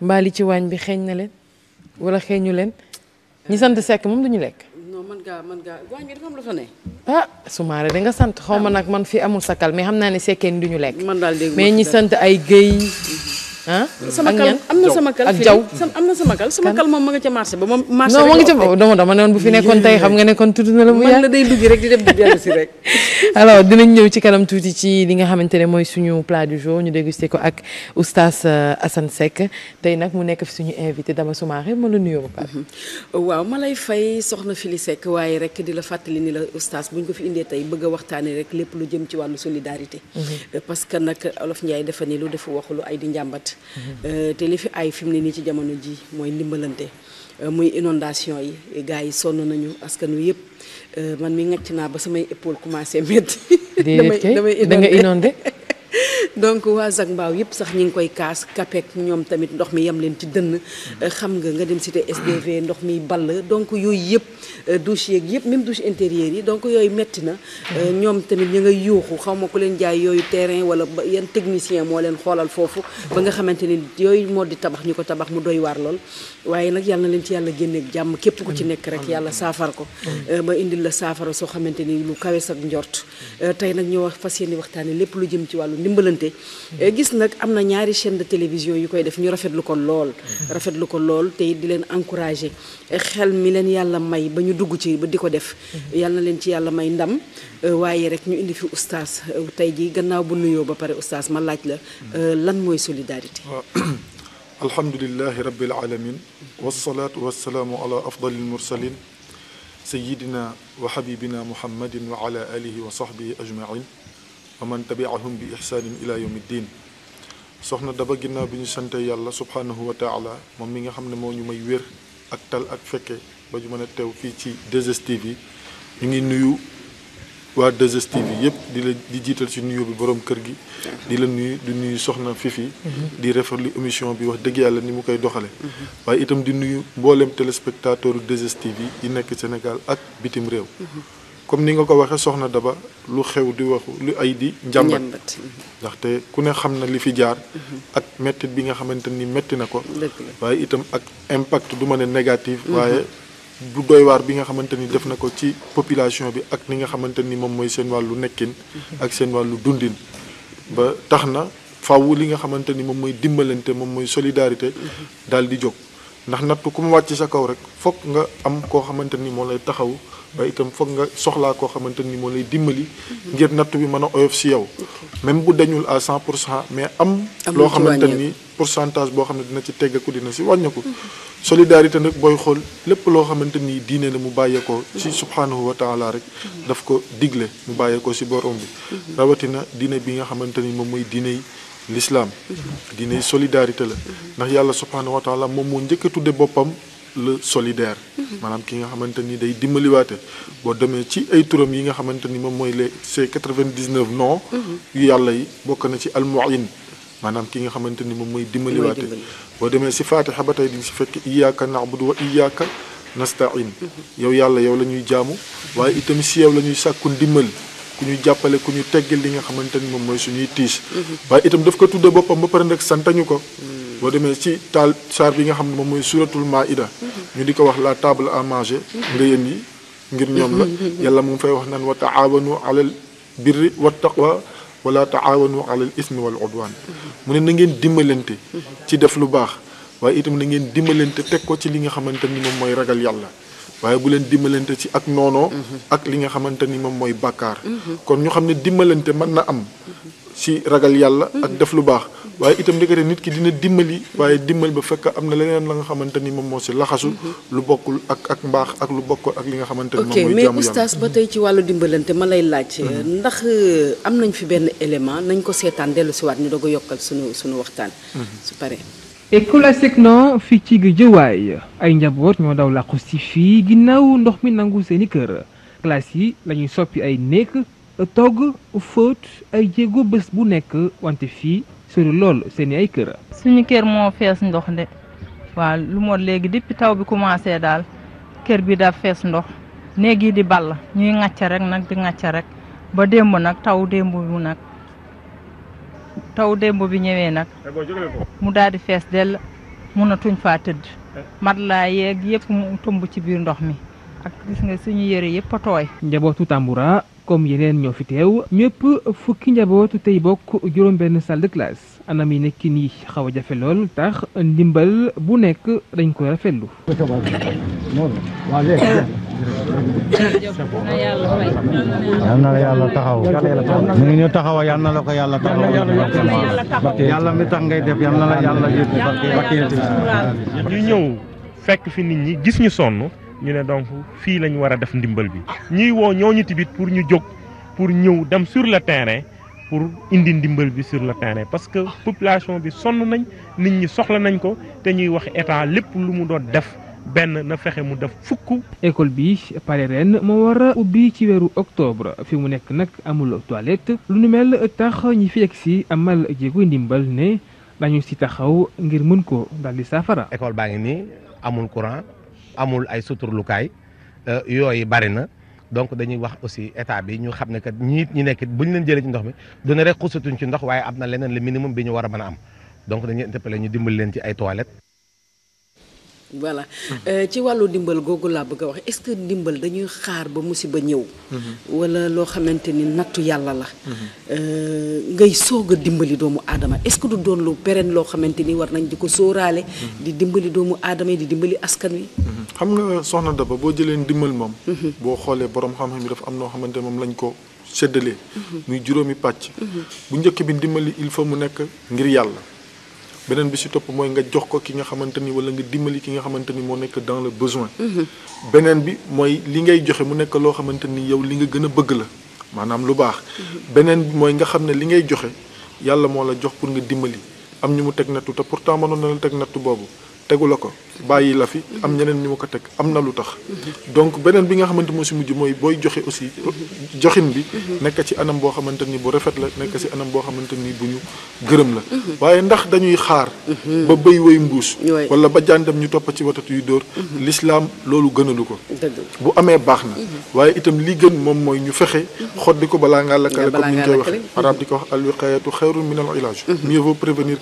mbaa li ci waañ bi xeeñ na leen wala xeeñu leen ñi sant sekk moom duñu lekk. non man gaa man gaa waañ bi dafa am lu fa ne. ah Soumaré danga sant xaw ma ah. nag man fi amul sakal mais xam naa ne sekkeen duñu lekk. man daal mais ñi sant ay Guèye. ah sama kal am na sama kal ak jaw am na sama kal sama kal moom ma nga ca marché ba moom marché non ma nga ca dama dama ne woon bu fi nekkoon tey xam nga nekkoon na mu ñëw ci kanam tuuti ci li nga xamante ne mooy suñu plat du jour ñu dégusté ko ak oustaz euh, Assane Seck nag mu nekk fi suñu invité Daba Soumaré ma la nuyoo ba pare mhm. waaw ma lay fay soxna li sekk waaye rek di la fàttali ni la oustaz bu ñu ko fi indee tey bëgg a rek lépp lu jëm ci wàllu solidarité mhm. parce que nag olof Ndiaye dafa ni lu defu waxulu ay di njàmbat Euh, te li fi ay fi ne nii ci jamono ji mooy ndimbalante euh, muy inondation yi gars yi sonn nañu askan wi yëpp euh, man mi ngacc naa ba samay épaule commencé métti. damay damay inondé da nga inondé. donc waa Zac mbaaw yëpp sax ñi ngi koy kaas kapek ñoom tamit ndox mi yem leen ci dënn mm-hmm. xam nga nga dem cité SDV ndox mi ball donc yooyu yëpp euh, douche yeeg yëpp même douche intérieure yi donc yooyu metti na mm-hmm. euh, ñoom tamit ñu ngay yuuxu xaw ma ku leen jaay yooyu terrain wala yan moo leen xoolal foofu mm-hmm. ba nga xamante ni yooyu moo di tabax ñu ko tabax mu doy waar lool waaye nag yàlla na leen ci yàlla génneeg jàmm képp ku ci nekk rek yàlla saafara ko euh, ba indil la saafara soo xamante ni lu kawe ak njort tey nag ñoo fas yéene waxtaane lépp lu jëm ci wàllu ndimbalante diggante euh, gis nag am na ñaari chaîne de télévision yu koy def ñu rafetlu ko lool rafetlu ko lool tey di leen encouragé xel mi leen yàlla may ba ñu dugg ci ba di ko def yàlla na leen ci yàlla may ndam euh, waaye rek ñu indi fi oustaz euh, tey ji gannaaw bu nuyoo ba pare oustaz ma laaj la lan mooy solidarité alhamdulilahi rabbil alamin wasalaatu wasalaamu ala afdalil mursalin sayidina wa xabibina muhammadin wa ala alihi wa sahbihi ajmain wa man tabiahum bi ihsaanin ila yawmi diin soxna daba ginnaaw bi ñu sante yàlla subhaanahu wa taala moom mi nga xam ne moo ñu may wér ak tal ak fekke ba ñu mën a teew fii ci 2STV ñu ngi nuyu waa 2STV yi yëpp di la di jiital ci nuyu bi borom kër gi di la nuyu di nuyu soxna Fifi mhm. di lu émission bi wax dëgg yàlla ni mu koy doxale waaye itam di nuyu mbooleem téléspectateur 2STV di nekk Sénégal ak bitim réew mhm. comme ni nga ko waxee soxna Daba lu xew di waxu lu ay di njàmbat ndaxte ku ne xam na li fi jaar mhm. ak mettit bi nga xamante ni metti na ko waaye itam ak impact du ma ne négatif mhm. waaye bu doy waar bi nga xamante ni def na ko ci population bi ak ni nga xamante ni moom mooy seen wàllu nekkin mhm. ak seen wàllu dundin ba tax na fàww li nga xamante ni moom mooy dimbalante moom mooy solidarité daal di jóg ndax nattu ku mu wàcc sa kaw rek foog nga am koo xamante ni moo lay taxaw waaye itam foog nga soxlaa koo xamante ni moo lay dimbali. ngir nattu bi mën a oyof si yow. même bu dañul à cent pour cent mais am. loo xamante pour pourcentage boo xam ne dina ci teggeeku dina si wàññeeku. solidarité nag booy xool lépp loo xamante ni diine la mu bàyyeekoo ci subhanahu wa taala rek daf ko digle mu bàyyeekoo si borom bi. rawatina diine bi nga xamante ni moom mooy diine yi. l'islam diine solidarité la ndax yàlla subhaanahu wa taala moom moo njëkk a tudde boppam le solidaire maanaam ki nga xamante ni day dimbaliwaate boo demee ci ay turam yi nga xamante ni moom mooy les ces quatre-vingt-dix-neuf noms bokk na ci almuin maanaam ki nga xamante ni moom mooy dimbaliwaate boo demee si faatixa ba tey di si fekk iyaaka na'budu wa iyaaka nastain yow yàlla yow la ñuy jaamu waaye itam si yow la ñuy sàkku ndimbal ku ñu jàppale ku ñu teggil li nga xamante ni moom mooy suñuy tiis mhm. waaye itam daf ko tudde boppam ba pare nag santañu ko mm. boo demee ci taal saar bi nga xam ne moom mooy suratul maida mhm. ñu di ko wax la table à manger mhm. nga yéen yi ngir ñoom la yalla mu ngi fay wax naan wa taawanu alal birri wa taqwa wala taawanu alal ismi wal udwan mu ne na ngeen dimbalante ci def lu baax waaye itam na ngeen dimbalante teg ko ci li nga xamante ni moom mooy ragal yàlla waaye bu leen dimbalante ci ak noonoo ak li nga xamante ni moom mooy bàkkaar kon ñu xam ne dimbalante man na am si ragal yàlla ak def lu baax waaye itam ndekete nit ki dina dimbali waaye dimbal ba fekk am na leneen la nga xamante ni moom moo si laxasu lu bokkul ak ak mbaax ak lu bokkul ak li nga xamante ni moom mooy jàmm yàlla mais oustaz ba tey ci wàllu dimbalante ma lay laaj ndax euh, am nañ fi benn élément nañ ko seetaan dellu si waat ñu doog a yokkal suñu suñu waxtaan mhm. su paree école Asecna fii ci Guédiawaye ay njaboot ñoo daw làqu si fii ginnaaw ndox mi nangu seeni kër classe yi lañuy soppi ay néeg togg fóot ay jéego bés bu nekk wante fii sori lool seeni ay kër. suñu kër moo fees ndox de waa lu moo léegi depuis taw bi commencé daal kër bi da fees ndox néeg yi di ball ñuy ŋàcc rek nag di ŋàcc rek ba démb nag taw démb bi nag. taw démb bi ñëwee nag eh, mu daal di fees dell mënatuñ faa tëdd eh. matelas yeeg yëpp mu tëmb ci biir ndox mi ak gis nga suñu yére yëpp a tooy njabootu Tamboura kom yeneen ñoo fi teew ñëpp fukki njabootu tey bokk juróom benn salle de classe anam yi nekki nii xaw a jafe lool tax ndimbal bu nekk dañ koy rafetlu yal na la yàlla taxaw ñu taxaw yal na la ko yàlla taxaw yàlla mi tax ngay def yal na la yàlla yëpp barke ñu ñëw fekk fi nit ñi gis ñu sonn ñu ne donc fii lañ war a def ndimbal bi ñuy woo ñu tibit pour ñu jóg pour ñëw dem sur le terrain pour indi ndimbal bi sur le terrain parce que population bi sonn nañ nit ñi soxla nañ ko te ñuy wax état lépp lu mu doon def benn na fexe mu def fukk. école bi pare ren moo war a ubbi ci weeru octobre fi mu nekk nag amul toilette lu nu mel tax ñi fi si amal jéego ndimbal ne dañu si taxaw ngir mën ko daal di saafara. école baa ngi nii amul courant amul ay suturlukaay euh, yooyu bari na donc dañuy wax aussi état bi ñu xam ne kat ñiit ñi nekk bu ñu leen jëlee ci ndox mi du ne rek xusatuñ ci ndox waaye am na leneen le minimum bi ñu war a mën a am donc dañuy interpellé ñu dimbali leen ci ay toilettes. voilà euh, ci wàllu ndimbal googu laa bëgg a wax est-ce que ndimbal dañuy xaar ba musiba ñëw mm-hmm. wala loo xamante ni nattu yàlla la mm-hmm. euh, ngay soog a dimbali doomu aadama est-ce que du doon lu pérenne loo xamante ni war nañ di ko sóoraale mm-hmm. di dimbali doomu aadama yi di dimbali askan wi xam nga soxna Daba boo jëlee ndimbal moom boo xoolee borom xam-xam yi dafa am noo xamante moom lañ ko séddalee muy juróomi pàcc bu njëkk bi ndimbali il faut mu nekk ngir yàlla beneen bi si topp mooy nga jox ko ki nga xamante ni wala nga dimbali ki nga xamante ni moo nekk dans le besoin. Mhm. beneen bi mooy li ngay joxe mu nekk loo xamante ni yow li nga gën a bëgg la maanaam lu baax. Mhm. beneen bi mooy nga xam ne li ngay joxe yàlla moo la jox pour nga dimbali am ñu mu teg nattu te pourtant manoon na la teg nattu boobu. tegu la ko bàyyi la fi am ñeneen ñu ma ko teg am na lu tax donc beneen bi nga xamante moo si mujj mooy booy joxe aussi joxin bi nekk ci anam boo xamante ni bu rafet la nekk ci anam boo xamante nii bu ñu gërëm la waaye ndax dañuy xaar ba béy way mbuus wala ba jàndam ñu toppa ci watatu yu dóor lislaam loolu gënalu ko bu amee baax na waaye itam li gën moom mooy ñu fexe xoddi ko balaa ngaa lakkale comme ni ñu koy waxe di ko wax alwiqayatu xayrun min al ilaj mieux vaut prévenir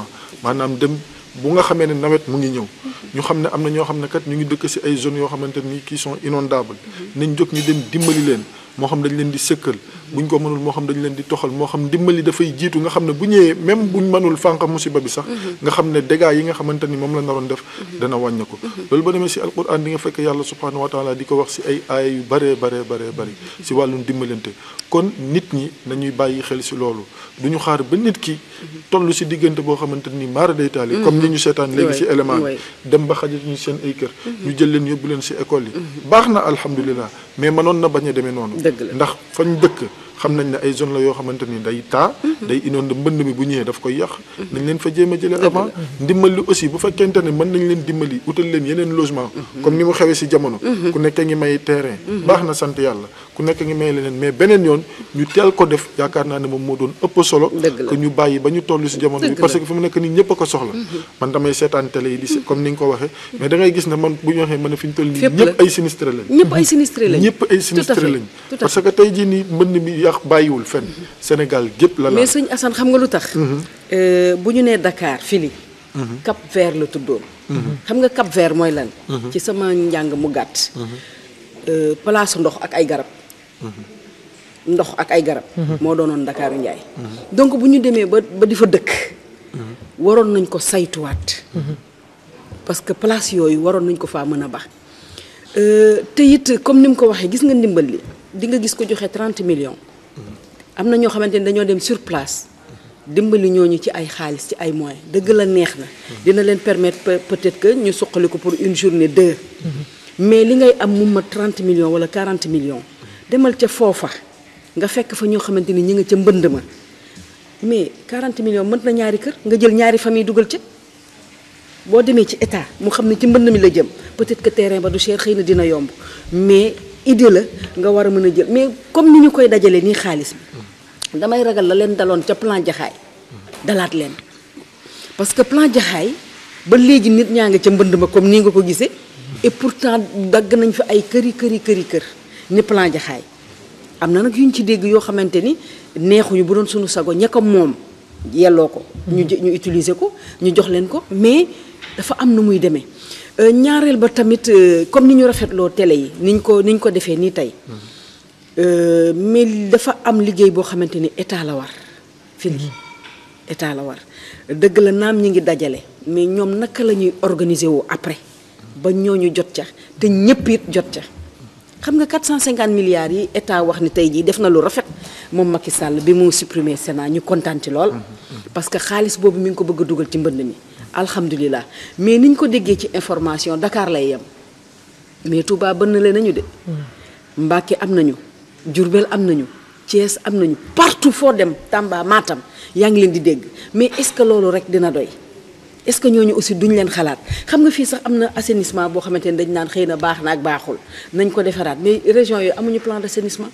enfants maanaam dem bu nga xamee ne nawet mu ngi ñëw ñu xam ne am na ñoo xam ne kat ñu ngi dëkk ci ay zones yoo xamante ni qui sont inondables mm-hmm. nañ jóg ñu dem dimbali leen moo xam dañ leen di sëkkal buñ ko mënul moo xam dañ leen di toxal moo xam ndimbali dafay jiitu nga xam ne bu ñëwee même buñ mënul fànq musiba bi sax mhm. nga xam ne dégâts yi nga xamante ni moom la naroon def mhm. dana wàññi ko mhm. loolu ba demee si alquran di nga fekk yàlla subhanahu wa taala di ko wax si ay aaya yu baree baree baree bëri si dimbalante kon nit ñi nañuy bàyyi xel si loolu du ñu xaar ba nit ki toll si diggante boo xamante ni maara day taali comme ni ñu seetaan léegi si élément dem ba xajatuñu seen ay kër ñu jël leen yóbbu leen si école yi baax na alhamdulilah mais mënoon na bañ a demee noonu. dëgg la ndax fañ dëkk. xam nañ ne ay zone la yoo xamante ni day taa mhm. day inondé mbënd mi bu ñëwee daf koy yàq mhm. nañ leen fa jéem a jëlee avant dimbali aussi bu fekkente ne mën nañ leen dimbali utal leen yeneen logement mhm. comme ni mu xewee si jamono ku nekk ngi may terrain baax na sant yàlla ku nekk ngi may leneen mais beneen yoon ñu teel ko def yaakaar naa ne moom moo doon ëpp solo que ñu bàyyi ba ñu toll si jamono bi parce que fi mu nekk nii ñëpp a ko soxla man damay seetaan télé yi yàq bàyyiwul fenn Sénégal gépp la la mais suñ Assane xam nga lu tax mhm. euh, bu ñu nee dakaar fili mhm. Cap Vert la tuddoon mhm. xam nga Cap Vert mooy lan ci sama njàng mu gàtt euh, palaasu ndox ak ay garab ndox ak ay garab moo doonoon Ndakaaru Njaay donc bu ñu demee ba ba di fa dëkk waroon nañ ko saytuwaat parce que place yooyu waroon nañ ko faa mën a baax euh, te it comme ni mu ko waxee gis nga ndimbal li di nga gis ko joxe trent million am na ñoo xamante ni dañoo dem sur place dimbali ñooñu ci ay xaalis ci ay moyens dëgg la neex na. dina leen permettre peut-être que ñu suqali ko pour une journée deux. mais li ngay am mu ma million millions wala 40 millions demal ca foofa nga fekk fa ñoo xamante ni ñi nga ca mbënd ma mais 40 millions mën na ñaari kër nga jël ñaari famille dugal ca boo demee ci état mu xam ne ci mbënd mi la jëm peut-être que terrain ba du cher xëy na dina yomb idée la nga war a mën a jël mais comme ni ñu koy dajale nii xaalis bi damay ragal la leen daloon ca plan jaxaay dalaat leen parce que plan jaxaay ba léegi nit ñaa ngi ca mbënd ma comme nii nga ko gisee et pourtant dagg nañ fi ay këri këri këri kër ni plan jaxaay am na nag yu ñu ci dégg yoo xamante ni neexuñu bu doon suñu sago ñekk ko moom yelloo ko ñu ñu utiliser ko ñu jox leen ko mais dafa am nu muy demee Euh, ñaareel ba tamit euh, comme ni ñu rafetloo télé yi niñ ko niñ ko defee nii tey mm-hmm. euh, mais dafa am liggéey boo xamante ni état la war fi ngi mm-hmm. état la war dëgg la naam ñi ngi dajale mais ñoom naka la ñuy organiser wu après ba ñu jot ca te ñëpp it jot ca xam nga 450 milliards yi état wax ni tey jii def na lu rafet moom Macky sàll bi mu supprimer Sénat ñu kontaan ci lool mm-hmm. parce que xaalis boobu mu ngi ko bëgg dugal ci mbënd mi alhamdulilah mais niñ ko déggee ci information dakaar lay yem mais Touba bënn le nañu de hmm. Mbàkke am nañu Jurbel am nañu Thiès am nañu partout foo dem Tamba Matam yaa ngi leen di dégg mais est-ce que loolu rek dina doy est-ce que ñooñu aussi duñu leen xalaat xam nga fii sax am na assainissement boo xamante ne dañ naan xëy na baax na ak baaxul nañ ko defaraat mais région yooyu amuñu plan d'assainissement